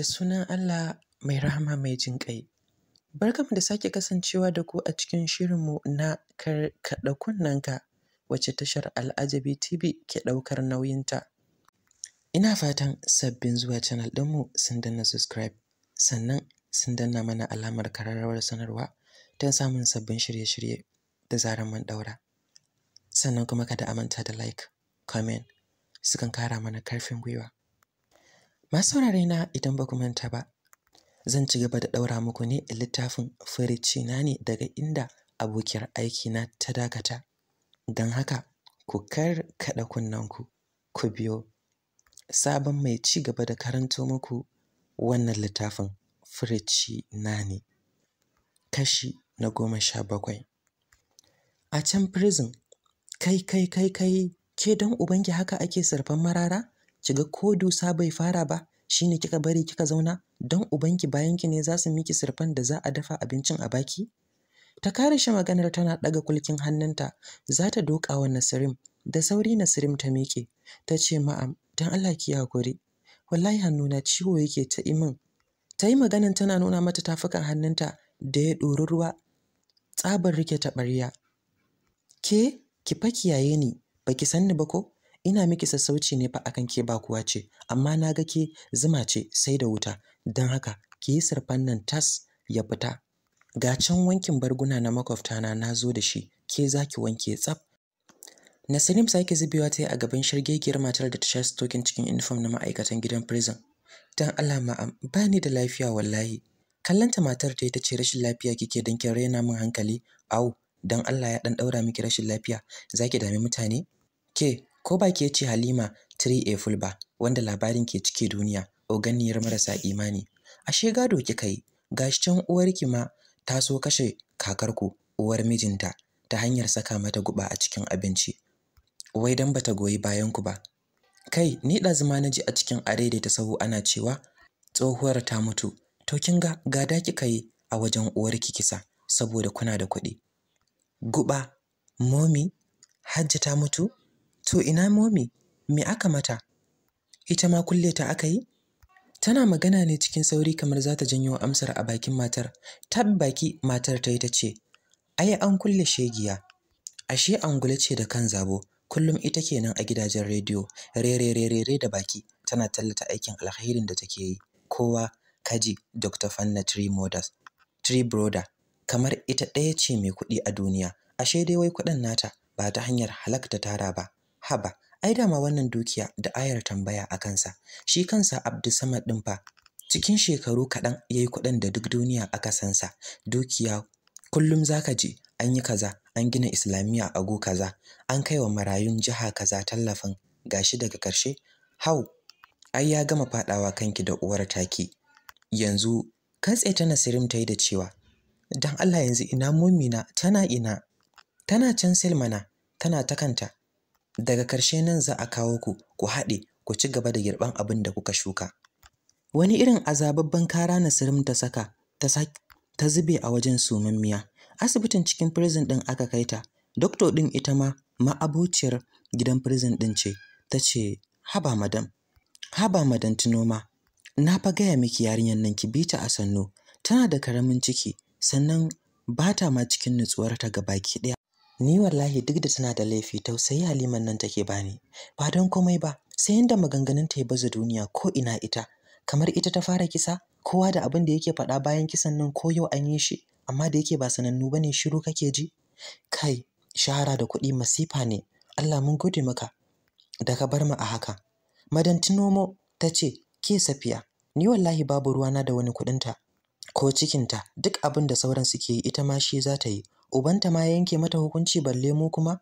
da sunan Allah mai rahama mai jin ƙai. Barkanmu da sake kasancewa da ku a cikin shirinmu na kunnen kunnanka wacce tashar Al'ajabi TV ke ɗaukar nauyinta. Ina fatan sabbin zuwa canal ɗinmu sun danna subscribe sannan sun danna mana alamar kararrawar sanarwa don samun sabbin shirye-shirye da zarar mun ɗaura. Sannan kuma kada a manta da like, comment, sukan kara mana karfin gwiwa. Masu saurare na idan ba manta ba, zan ci gaba da ɗaura muku ne littafin firici na ne daga inda abokiyar aiki na ta dakata. Don haka, ku kar kaɗa kunnanku, ku biyo. Sabon mai ci gaba da karanto muku wannan littafin firici na ne. Kashi na goma sha bakwai. A can prison, kai kai kai kai, ke don ubangi haka ake surfan marara? kiga ko dusa bai fara ba shi ne kika bari kika zauna don ubanki bayanki ne za su miki sirfan da za a dafa abincin a baki ta kare shi maganar tana ɗaga kulkin hannunta za ta doka wa Nasirim da sauri Nasirim ta miƙe ta ce ma'am don Allah ki hakuri wallahi hannuna ciwo yake ta imin ta yi maganan tana nuna mata tafukan hannunta da ya ɗori ruwa tsabar rike taɓarya ke ki fa kiyaye ni baki sanni ba ko ina miki sassauci ne fa akan ke ba kuwa ce amma na ga ke zuma ce sai da wuta don haka ki yi surfan nan tas ya fita ga can wankin barguna na makwabtana na na zo da shi ke za ki wanke tsaf Nasirim sake zubewa ta yi a gaban shirgegiyar matar da ta sha stokin cikin inifom na ma'aikatan gidan prison. Don alama ba ni da lafiya wallahi. Kallanta matar ta yi ta ce rashin lafiya kike don kin raina min hankali, au, don Allah ya dan daura miki rashin lafiya, za ki dami mutane? Ke, ko ba ke ce Halima Three A Full ba wanda labarin ke cike duniya oganniyar marasa imani ashe gado kika yi gashi can uwarki ma ta so kashe kakarku uwar mijinta ta hanyar saka mata guba a cikin abinci wai dan bata goyi bayan ku ba kai ni da na ji a cikin arede ta sahu ana cewa tsohuwar ta mutu to kin ga gada kika yi a wajen uwarki kisa saboda kuna da kuɗi guba momi hajji ta mutu To ina momi? Me aka mata? Ita ma kulle ta aka yi? Tana magana ne cikin sauri kamar za ta janyo amsar a bakin matar. tabbaki baki matar ta yi ta ce, Ai an kulle shegiya. Ashe angula ce da kan zabo, kullum ita kenan a gidajen rediyo, rere rere rere da baki tana tallata aikin alherin da take yi. Kowa kaji Dr. Fanna Tree Mothers. Tree Brother kamar ita ɗaya ce mai kuɗi a duniya, ashe dai wai kuɗin nata ba ta hanyar halakta tara ba. haba ai dama wannan dukiya da ayar tambaya a kansa shi kansa Abdulsamad din fa cikin shekaru kaɗan yayi kuɗin da duk duniya aka sansa dukiya kullum zaka je. an yi kaza an gina islamiyya a go kaza an wa marayun jiha kaza tallafin gashi daga ƙarshe hau ai ya gama faɗawa kanki da uwar taki yanzu tsaye ta Nasirim ta yi da cewa dan Allah yanzu ina mumina tana ina tana can Silmana tana ta kanta daga ƙarshe nan za a kawo ku ku haɗe ku ci gaba da girban abin da kuka shuka wani irin azababban kara sirim ta saka ta zube a wajen sumammiya asibitin cikin prison ɗin aka kai ta dokto ɗin ita ma ma'abociyar gidan prison ɗin ce ta ce haba madam haba madam tinoma na fa gaya miki yarinyar nan ki bi ta a sannu tana da karamin ciki sannan ba ta ma cikin nutsuwarta ga baki ɗaya Ni wallahi duk da tana da laifi tausayi Haliman nan take bani. Ba don komai ba, sai yanda ta ya baza duniya ko ina ita. Kamar ita ta fara kisa, kowa da abin da yake faɗa bayan kisan nan ko yau an yi shi, amma da yake ba sanannu ba ne shiru kake ji? Kai, shahara da kuɗi masifa ne, Allah mun gode maka. Da ka bar mu a haka. Madan Tinomo ta ce, ke safiya, ni wallahi babu ruwana da wani kuɗinta. Ko cikinta, duk abin da sauran suke yi ita ma shi za ta yi, ubanta ma ya yanke mata hukunci balle mu kuma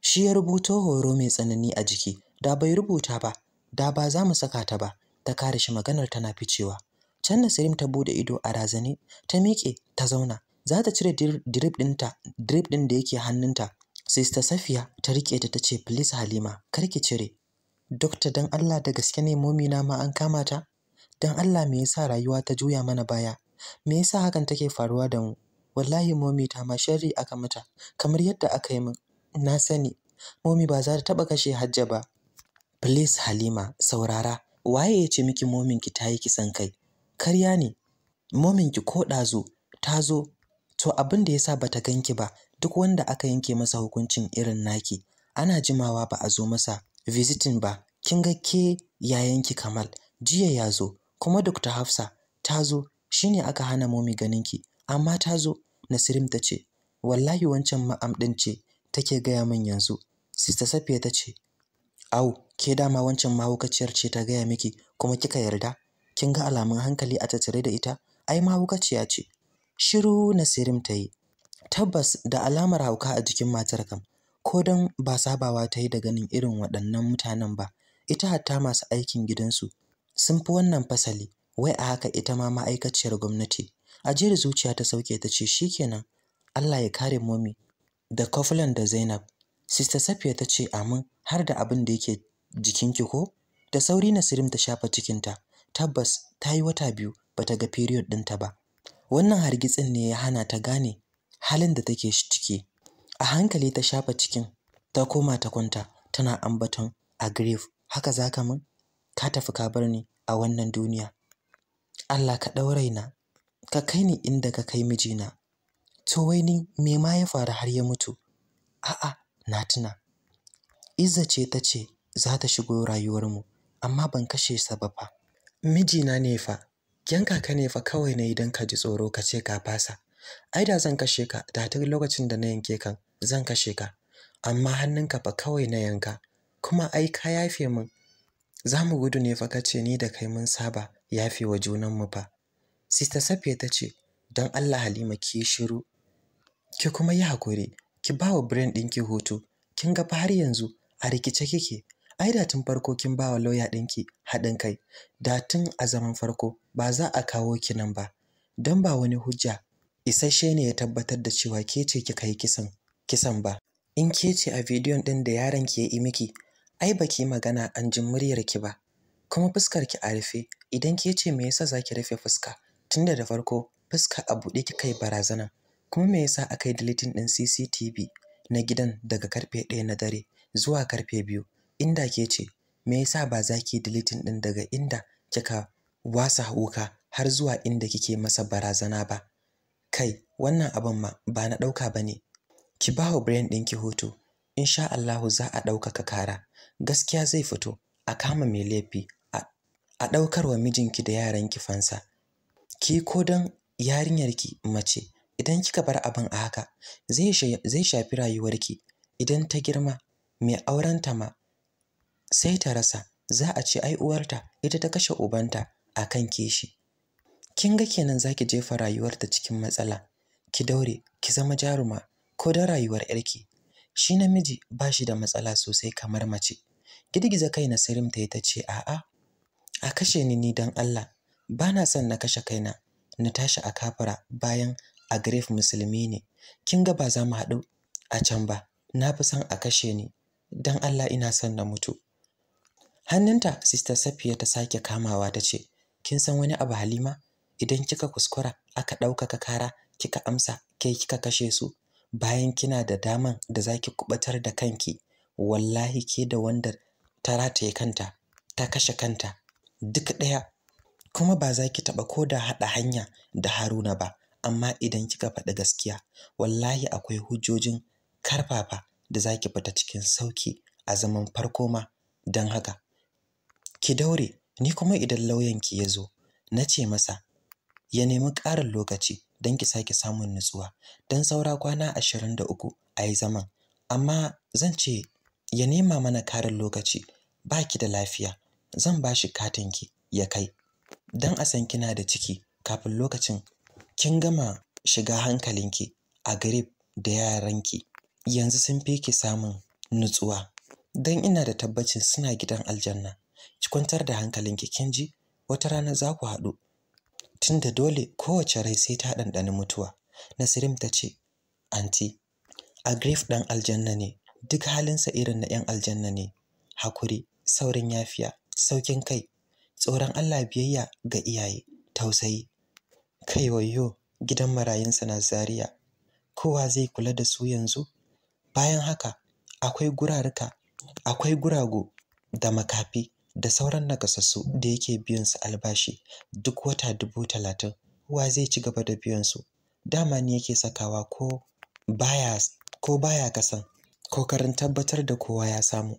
shi ya rubuto horo mai tsanani a jiki da bai rubuta ba da ba za mu saka ta ba ta kare shi maganar tana ficewa can nasirim ta bude ido a razani. ta miƙe ta zauna za ta cire drip ɗinta drip ɗin da yake hannunta sister safiya ta riƙe ta ta ce please halima kar ki cire dokta dan allah da gaske ne momina ma an kama ta dan allah me yasa rayuwa ta juya mana baya me yasa hakan take faruwa da mu wallahi momi ta ma sharri aka mata kamar yadda aka yi min na sani momi ba za ta taɓa kashe hajja ba please halima saurara waye ya ce miki mominki ta yi kisan kai karya ne momin ki ko dazo ta zo to abin da ya bata ganki ba duk wanda aka yanke masa hukuncin irin naki ana jimawa ba a zo masa visiting ba kin ga ke yayanki kamal jiya ya zo kuma dr hafsa ta zo shine aka hana momi ki, amma ta zo Nasirim ta ce, Wallahi wancan ma'am ɗin ce take gaya min yanzu. Sista Safiya ta ce, Au, ke dama wancan mahaukaciyar ce ta gaya miki kuma kika yarda? Kin ga alamun hankali a tattare da ita? Ai mahaukaciya ce. Shiru Nasirim ta yi. Tabbas da alamar hauka a jikin matar kam, ko don ba sabawa ta yi da ganin irin waɗannan mutanen ba, ita hatta masu aikin gidansu sun fi wannan fasali, wai a haka ita ma ma'aikaciyar gwamnati. ajiyar zuciya ta sauke ta ce kenan Allah ya kare momi da Kofulan da Zainab sista Safiya ta ce amin har da abin da yake jikinki ko da sauri Nasirim ta shafa cikinta tabbas ta yi wata biyu bata ga period ɗinta ba wannan hargitsin ne ya hana ta gane halin da take ciki a hankali ta shafa cikin ta koma ta kwanta tana ambaton a grave haka zaka min ka tafi ka bar ni a wannan duniya Allah ka na. ka kai ni inda ka kai mijina to wai ni me ma ya faru har ya mutu a'a na tuna izza ce ta ce za ta shigo rayuwarmu amma ban kashe sa ba fa mijina ne fa yanka ka ne fa kawai na idan ka ji tsoro ka ce ka fasa ai da zan kashe ka da ta lokacin da na yanke kan zan kashe ka amma hannunka fa kawai na yanka kuma ai ka yafe min za mu gudu ne fa ka ce ni da kai mun saba yafe wa junanmu fa Sista Safiya ta ce, "Don Allah Halima ki shiru, ki kuma yi hakuri, ki ba wa brain ɗinki hutu, kin ga fa har yanzu a rikice kike. Ai da tun farko kin ba wa lauya ɗinki haɗin kai, da tun a zaman farko ba za a kawo ki nan ba, don ba wani hujja isasshe ne ya tabbatar da cewa ke ce kika yi kisan kisan ba. In ke ce a bidiyon ɗin da yaron ki ya yi miki, ai ba ki magana an jin muryarki ba, kuma fuskar ki a rufe, idan ke ce me yasa za ki rufe fuska? tunda da farko fuska a buɗe kika yi barazana kuma me yasa aka yi deleting ɗin CCTV na gidan daga karfe ɗaya na dare zuwa karfe biyu? inda ke ce me yasa ba za ki deleting ɗin daga inda kika wasa wuka har zuwa inda kike masa barazana ba kai wannan abin ma ba na ɗauka ba ne ki ba wa brain ɗinki hutu insha Allahu za a ɗaukaka kara gaskiya zai fito a kama mai laifi a ɗaukar wa mijinki da yaranki fansa ki ko don yarinyarki mace idan kika bar abin a haka zai shafi rayuwarki idan ta girma mai aurenta ma sai ta rasa za a ce ai uwarta ita ta kashe ubanta a kan kishi kin ga kenan za ki jefa rayuwarta cikin matsala ki daure ki zama jaruma ko don rayuwar yarki shi namiji ba shi da matsala sosai kamar mace girgiza kai na sirimta ta ce a'a a kashe ni ni don Allah ba na son na kashe kaina na tashi a kafara bayan a grave musulmi ne kin ga ba za mu haɗu a can ba na fi son a kashe ni don Allah ina son na mutu hannunta Sista safiya ta sake kamawa ta ce kin san wani abu halima idan kika kuskura aka ɗaukaka kara kika amsa kai kika kashe su bayan kina da daman da za ki kubatar da kanki wallahi ke da wanda ta rataye kanta ta kashe kanta duk ɗaya kuma ba za ki taɓa ko da haɗa hanya da Haruna ba amma idan kika faɗi gaskiya wallahi akwai hujjojin karfafa da za ki fita cikin sauki a zaman farko ma don haka ki daure ni kuma idan lauyanki ya zo na ce masa ya nemi ƙarin lokaci don ki sake samun nutsuwa don saura kwana ashirin da uku a yi zaman amma zan ce ya nema mana ƙarin lokaci ba ki da lafiya zan ba shi katinki ya kai don a san kina da ciki kafin lokacin kin gama shiga hankalinki a grip da yaranki yanzu sun fi ki samun nutsuwa don ina da tabbacin suna gidan aljanna ki kwantar da hankalinki kin ji wata rana za ku haɗu tunda dole kowace rai sai ta ɗanɗani mutuwa nasirim ta ce anti a grief ɗan aljanna ne duk halinsa irin na 'yan aljanna ne hakuri saurin yafiya saukin kai tsoron Allah biyayya ga iyaye tausayi kai wayo gidan marayun na Zaria kowa zai kula da su yanzu bayan haka akwai gurarka akwai gurago da makafi da sauran nakasassu da yake biyan su albashi duk wata dubu talatin kowa zai ci gaba da biyan su dama ne yake sakawa ko baya ko baya kasan kokarin tabbatar da kowa ya samu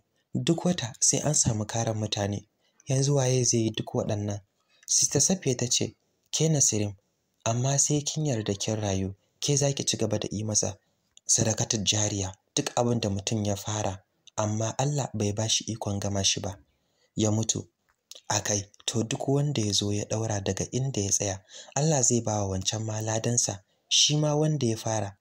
duk wata sai an samu karan mutane yanzu waye zai yi duk waɗannan sista safiya ta ce ke nasirin amma sai kin yarda kin rayu ke za ki ci gaba da yi masa Sadakatar jariya duk abin da mutum ya fara amma Allah bai ba shi ikon gama shi ba ya mutu A kai, to duk wanda ya zo ya ɗaura daga inda ya tsaya Allah zai ba wa wancan ma ladansa shi ma wanda ya fara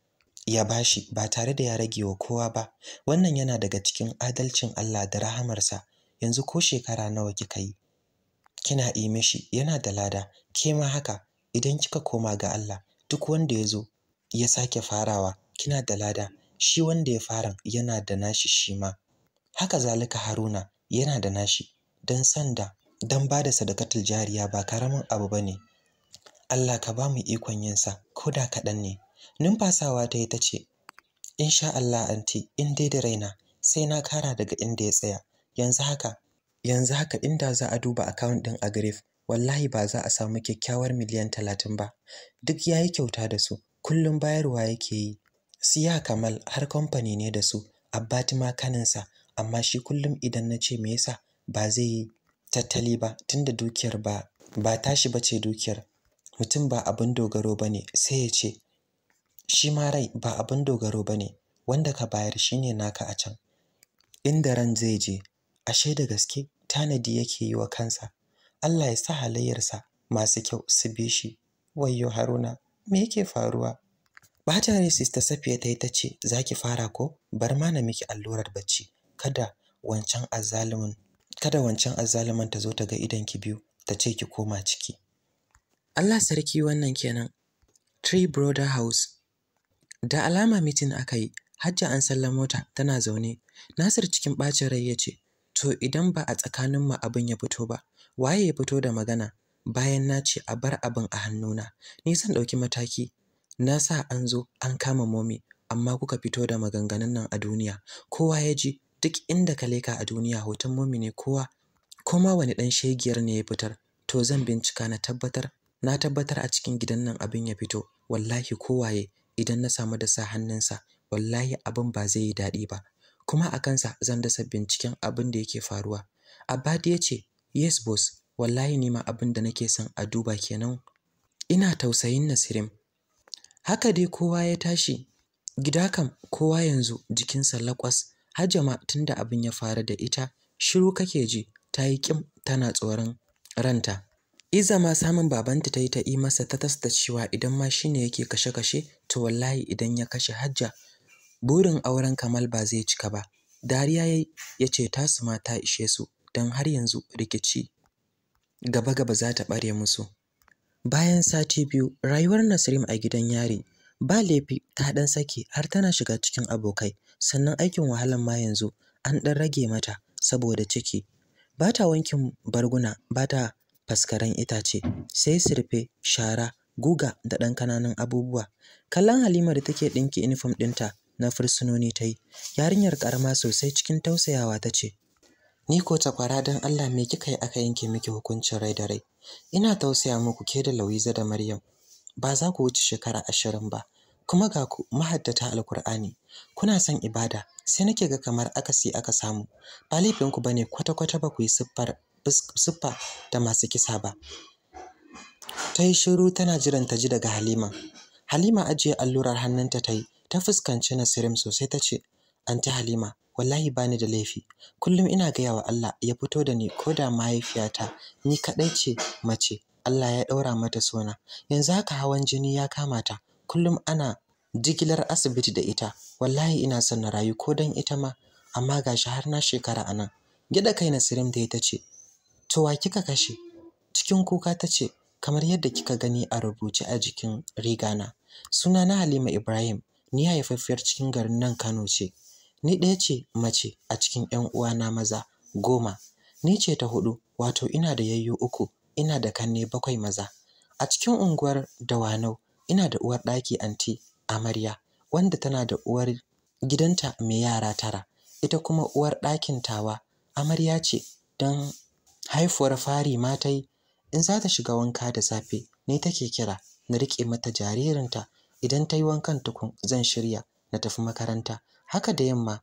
ya bashi ba tare da ya rage wa kowa ba wannan yana daga cikin adalcin Allah da rahamarsa yanzu ko shekara nawa kika yi kina yi mishi yana da lada ke ma haka idan kika koma ga Allah duk wanda ya zo ya sake farawa kina da lada shi wanda ya fara yana da nashi shi ma haka zalika Haruna yana da nashi dan sanda dan bada sadakatul jariya ba karamin abu ne. Allah ka ba mu ikon yin sa da kaɗan ne numfasawa ta yi ta ce in sha Allah anti in dai da raina sai na kara daga inda ya tsaya yanzu haka yanzu haka inda za a duba account din Agrif wallahi ba za a samu kyakkyawar miliyan talatin ba duk yayi kyauta da su kullum bayarwa yake yi siya kamal har kamfani ne da su abbati ma kaninsa amma shi kullum idan na ce me yasa ba zai yi tattali ba tunda dukiyar ba ba tashi bace dukiyar mutum ba abin dogaro bane sai ya ce shi ma rai ba abin dogaro bane wanda ka bayar shine naka a can inda ran zai je ashe da gaske tanadi yake yi wa kansa Allah ya sa halayyarsa masu kyau su bi shi wayyo haruna me yake faruwa ba ne sister safiya ta yi ta ce za ki fara ko bar ma na miki allurar bacci kada wancan azzalumin kada ta zo ta ga idan ki biyu ta ce ki koma ciki Allah sarki wannan kenan Three Brother House da alama mitin aka yi hajja an sallamota tana zaune Nasir cikin bacin rai ya ce to idan ba a tsakanin mu abin ya fito ba waye ya fito da magana bayan na ce a bar abin a hannuna ni zan ɗauki mataki na sa an zo an kama momi amma kuka fito da maganganun nan a duniya kowa ya ji duk inda ka leka a duniya hoton momi ne kowa koma wani ɗan shegiyar ne ya fitar to zan bincika na tabbatar na tabbatar a cikin gidan nan abin ya fito wallahi kowaye idan na samu da sa hannunsa wallahi abin ba zai yi daɗi ba kuma a kansa zan dasa binciken abin da yake faruwa abadi ya ce yes boss wallahi ne ma abin da nake son a duba kenan ina tausayin nasirim haka dai kowa ya tashi gida kam kowa yanzu jikinsa laƙwas, hajama da abin ya fara da ita shiru kake ji ta yi kim tana tsoron ranta Iza ma samun babanta ta yi ta yi masa ta tasta cewa idan ma shi yake kashe-kashe, to wallahi idan ya kashe hajja burin auren Kamal ba zai cika ba. Dariya ya ya ce tasu ma ta ishe su don har yanzu rikici gaba-gaba za ta bare musu. Bayan sati biyu, rayuwar Nasrim a gidan yari ba laifi ta ɗan saki har tana shiga cikin abokai, sannan aikin wahalan ma yanzu an ɗan rage mata saboda ciki. Ba ta wankin barguna, ba ta faskaren itace, sai sirfe, shara, guga da ɗan kananan abubuwa. Kallon Halima da take ɗinki inifom ɗinta na fursunoni ta yi yarinyar karama sosai cikin tausayawa ta ce ni ko takwara don allah me kika yi aka yanke miki hukuncin rai da rai ina tausaya muku ke da lauyiza da maryam ba za ku wuce shekara ashirin ba kuma ga ku mahaddata alkur'ani kuna son ibada sai nake ga kamar akasi aka samu ba laifinku ba ne kwata-kwata ba ku yi siffa da masu kisa ba ta yi shiru tana jiran ta ji daga halima halima ajiye allurar hannunta ta yi ta fuskanci Nasirim sosai ta ce anti Halima wallahi bani da laifi kullum ina gaya wa Allah ya fito da ni ko da mahaifiyata ni kaɗai ce mace Allah ya ɗaura mata suna. yanzu haka hawan jini ya kamata. kullum ana jigilar asibiti da ita wallahi ina son na rayu ko don ita ma amma ga shi har na shekara a nan. gida kai Nasirim da ita ce to wa kika kashe cikin kuka ta ce kamar yadda kika gani a rubuce a jikin rigana suna na Halima Ibrahim ni haifaffiyar cikin garin nan Kano ce ni ɗaya ce mace a cikin 'yan uwana maza goma ni ce ta hudu wato ina da yayyu uku ina da kanne bakwai maza a cikin unguwar Dawanau ina da uwar ɗaki anti Amarya wanda tana da uwar gidanta mai yara tara ita kuma uwar ɗakin tawa amarya ce don haifuwar fari matai. in za ta shiga wanka da safe ni take kira na riƙe mata jaririnta idan ta yi wankan tukun zan shirya na tafi makaranta haka da yamma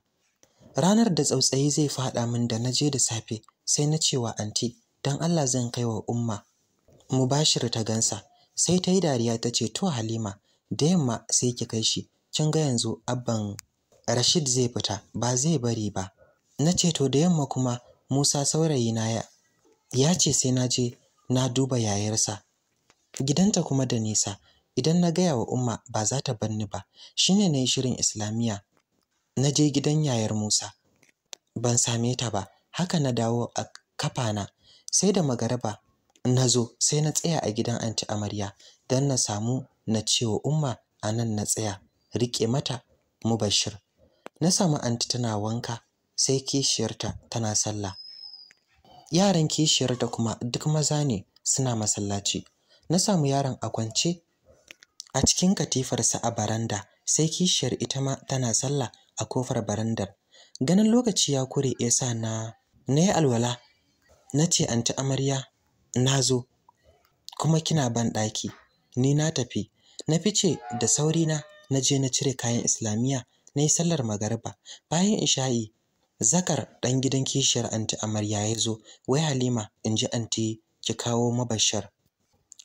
ranar da tsautsayi zai faɗa min da na je da safe sai na cewa anti don Allah zan kai wa umma mubashir ta gansa sai ta yi dariya ta ce to halima da yamma sai ki kai shi kin ga yanzu abban rashid zai fita ba zai bari ba na ce to da yamma kuma musa saurayi na ya ya ce sai na je na duba yayarsa gidanta kuma da nisa idan na gaya wa umma ba za ta ban ni ba shine na yi shirin islamiyya na je gidan yayar musa ban same ta ba haka na dawo a kafana sai da magaraba na zo sai na tsaya a gidan anti amarya don na samu na ce wa umma a nan na tsaya riƙe mata mubashir na samu anti tana wanka sai kishiyarta tana sallah yaran kishiyarta kuma duk maza ne suna masallaci na samu yaron a kwance a cikin katifarsa a baranda sai kishiyar ita ma tana sallah a kofar barandar ganin lokaci ya kure ya sa na na yi alwala na ce anti amarya na zo kuma kina ban ɗaki ni na tafi na fice da sauri na na je na cire kayan islamiyya na yi sallar magariba bayan isha'i zakar ɗan gidan kishiyar anti amarya ya zo wai halima in ji anti ki kawo mabashar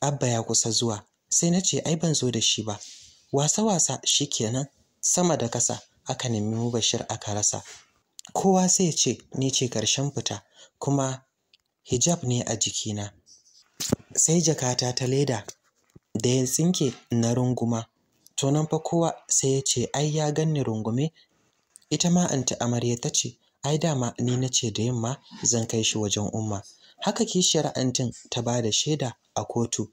abba ya kusa zuwa sai na ce ai ban zo da shi ba wasa wasa shi kenan sama da kasa aka nemi mubashir aka rasa kowa sai ya ce ni ce karshen fita kuma hijab ne a jikina sai jakata ta leda da ya tsinke na runguma to fa kowa sai ya ce ai ya ganni rungume ita ma anti amarya ta ce ai dama ni na ce da yamma zan kai shi wajen umma haka kishiyar antin ta ba da shaida a kotu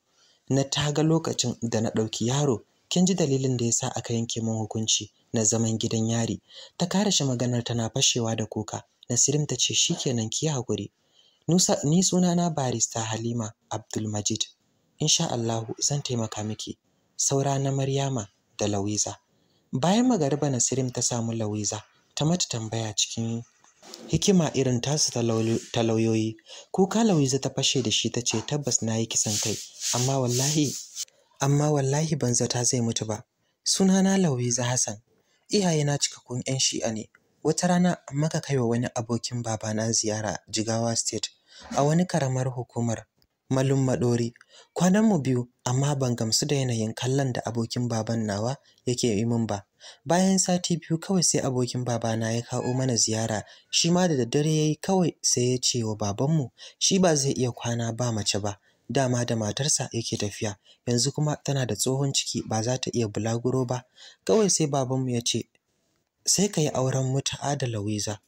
na taga lokacin da na ɗauki yaro kin ji dalilin da ya sa aka yanke min hukunci na zaman gidan yari ta karashe maganar tana fashewa da kuka Nasirim ta ce shikenan ki hakuri Nusa ni suna na barista Halima Abdulmajid insha Allahu zan taimaka miki saura na Maryama da Lawiza bayan magariba Nasirim ta samu Lawiza ta mata tambaya cikin hikima irin tasu ta lauyoyi kuka lauyiza ta fashe da shi ta ce tabbas na yi kisan kai amma wallahi amma wallahi ban zata zai mutu ba sunana za hassan Iyaye iyayena cikakkun 'yan shi'a ne wata rana muka kai wa wani abokin babana ziyara jigawa state a wani karamar hukumar malum maɗori kwanan mu biyu amma ban gamsu da yanayin kallon da abokin baban nawa yake yi min ba bayan sati biyu kawai sai abokin babana ya kawo mana ziyara shi ma da daddare ya yi kawai sai ya ce wa babanmu shi ba zai iya kwana ba mace ba dama da matarsa yake tafiya yanzu kuma tana da tsohon ciki ba za ta iya bulaguro ba kawai sai babanmu ya ce sai ka yi auren mutu'a da lawiza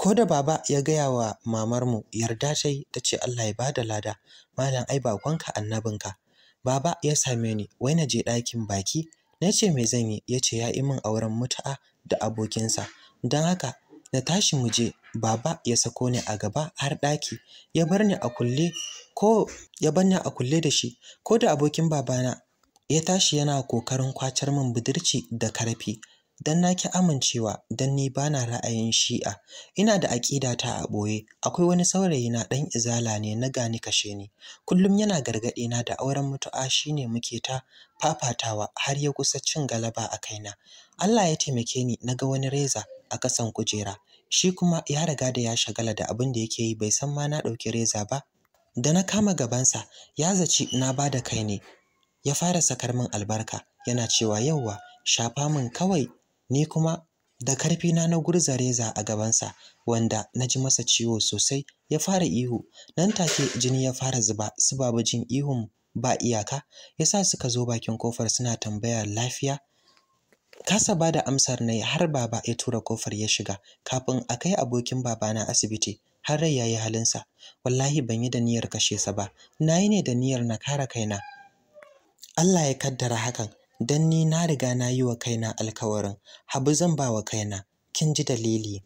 ko da baba ya gaya wa mamarmu yarda ta yi ta ce Allah ya bada lada malam ai bakonka annabinka baba ya same ni wai na je ɗakin baki na ce me zan yi ya ce ya yi min auren mutu'a da abokinsa don haka na tashi mu je baba ya sako ni a gaba har ɗaki ya bar ni a kulle ko ya bar ni a kulle da shi ko da abokin babana ya tashi yana kokarin kwacar min budurci da karfi dan na ki amincewa dan ni bana ra'ayin shi'a ina da aƙida ta a ɓoye akwai wani saurayi na ɗan izala ne na gani kashe ni kullum yana gargaɗi na da auren mutu'a shine muke ta fafatawa har ya kusa cin galaba a kaina Allah ya taimake ni naga wani reza a kasan kujera shi kuma ya riga da ya shagala da abin da yake yi bai san ma na ɗauki reza ba da na kama gabansa ya zaci na bada da kai ne ya fara sakar min albarka yana cewa yauwa shafa min kawai ni kuma da karfina na gurza reza a gabansa wanda na ji masa ciwo sosai ya fara ihu nan take jini ya fara zuba su jin ihun ba iyaka yasa suka zo bakin kofar suna tambayar lafiya kasa bada amsar na har baba ya tura kofar ya shiga kafin a kai abokin babana asibiti har rai yayi halinsa wallahi ban yi da niyyar kashe sa ba nayi ne da niyyar na kare kaina Allah ya kaddara hakan don ni na riga na yi wa kaina alkawarin habu zan ba wa kaina kin ji dalili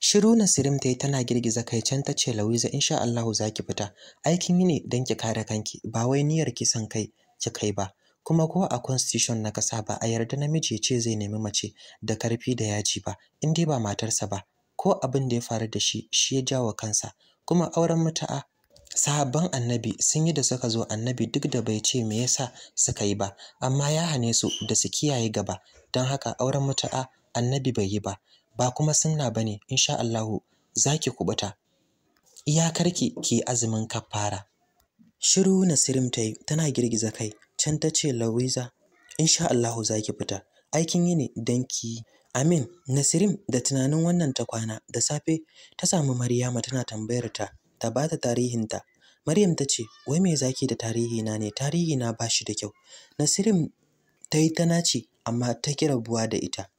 shiru nasirim ta yi tana girgiza kai can ta ce Lawiza, insha Allahu za ki fita aikin yi ne don ki kare kanki ba wai niyyar kisan kai ki kai ba kuma ko a constitution na kasa ba a yarda namiji ce zai nemi mace da karfi da yaji ba in dai ba matarsa ba ko abin da ya faru da shi shi ya jawo kansa kuma auren mutu'a sahabban annabi sun yi da suka zo annabi duk da bai ce me yasa suka yi ba amma ya hane su da su kiyaye gaba don haka auren mutu'a annabi bai yi ba ba kuma sunna ne, insha Allahu zaki kubuta iyakarki ki azumin kafara shiru nasirim tayi tana girgiza kai can ta ce lawiza insha Allahu zaki fita aikin yi ne don ki amin nasirim da tunanin wannan ta kwana da safe ta samu maryama tana tambayar ta ta ba ta tarihinta. Maryam ta ce, wai me zaki da tarihina ne, tarihina ba shi da kyau. Nasirim ta yi ta naci, amma ta kira buwa da ita.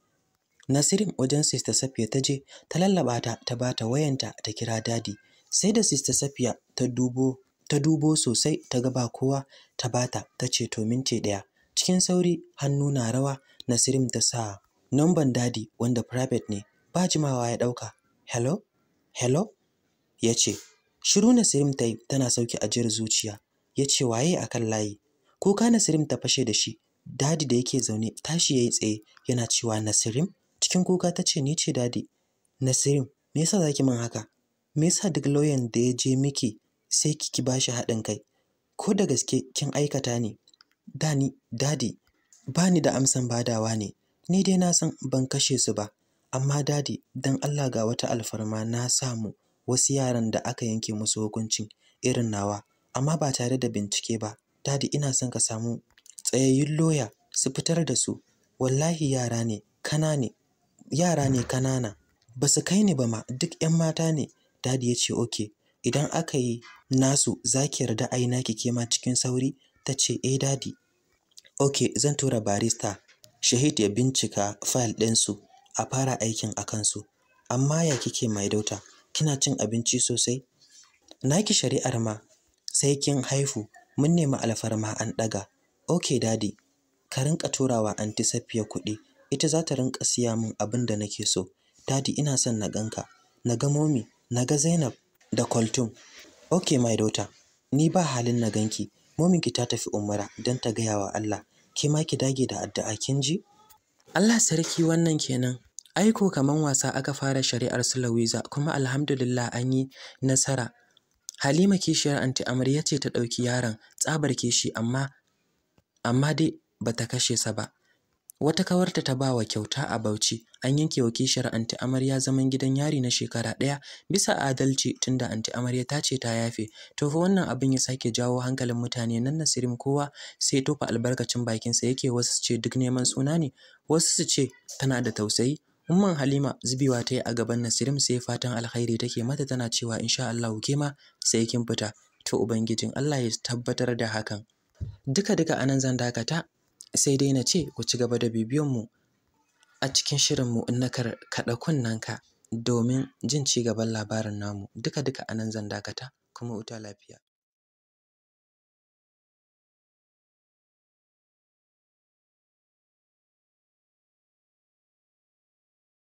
Nasirin wajen Sista Safiya ta je, ta lallaba ta, ta ba ta wayanta, ta kira dadi. Sai da Sista Safiya ta dubo, ta dubo sosai, ta ga ba kowa, ta ba ta, ta ce to minti ɗaya. Cikin sauri, hannu na rawa, Nasirin ta sa nomban dadi wanda private ne, ba jimawa ya ɗauka. Hello? Hello? Ya ce, Shiru Nasirim ta yi tana sauki ajiyar zuciya. Ya ce waye a kan layi? Kuka Nasirim ta fashe da shi. Dadi da yake zaune tashi ya yi tsaye yana cewa Nasirim? Cikin kuka ta ce ni ce dadi. Nasirim me yasa za ki min haka? Me yasa duk lauyan da ya je miki sai kiki ba shi haɗin kai? Ko da gaske kin aikata ne? Dani, dadi, ba ni da amsan badawa ne. Ni dai na san ban kashe su ba. Amma dadi, don Allah ga wata alfarma na samu. wasu yaran da aka yanke musu hukuncin irin nawa amma ba tare da bincike ba dadi ina son ka samu tsayayyun loya su fitar da su wallahi yara ne ne yara ne kanana ba su kai ni ba ma duk 'yan mata ne dadi ya ce oke idan aka yi nasu za ki yarda a yi naki ke ma cikin sauri ta ce eh dadi oke zan tura barista shahid ya bincika fayil ɗinsu a fara aikin a kansu amma ya kike mai dauta kina cin abinci sosai naki shari'ar ma sai kin haihu mun nemi alfarma an ɗaga okay dadi ka rinka turawa anti safiya kuɗi ita za ta rinka siya min abin da nake so dadi ina son na ganka na ga momi na ga zainab da kwaltum okay my daughter ni ba halin na ganki momin ki ta tafi umara don ta gaya wa allah ke ma ki dage da addu'a kin ji allah sarki wannan kenan Aiko kamar wasa aka fara shari'ar su kuma kuma alhamdulillah an yi nasara. Halima kishiyar anti Amarya ce ta ɗauki yaron tsabar kishi amma amma dai bata kashe sa ba. Wata kawarta ta bawa kyauta a Bauchi an yanke wa kishiyar anti ya zaman gidan yari na shekara ɗaya bisa adalci tunda anti Amarya ta ce ta yafe. To fa wannan abin ya sake jawo hankalin mutane nan Nasirim kowa sai tofa albarkacin bakinsa yake wasu su ce duk neman suna ne wasu su ce tana da tausayi Umman Halima zubewa ta yi a gaban Nasirim sai fatan alkhairi take mata tana cewa insha Allah ke ma sai kin fita. To Ubangijin Allah ya tabbatar da hakan. Duka duka anan zan dakata sai dai na ce ku ci gaba da bibiyon mu a cikin shirin mu na kada kunnanka domin jin ci gaban labarin namu. Duka duka anan zan dakata kuma uta lafiya.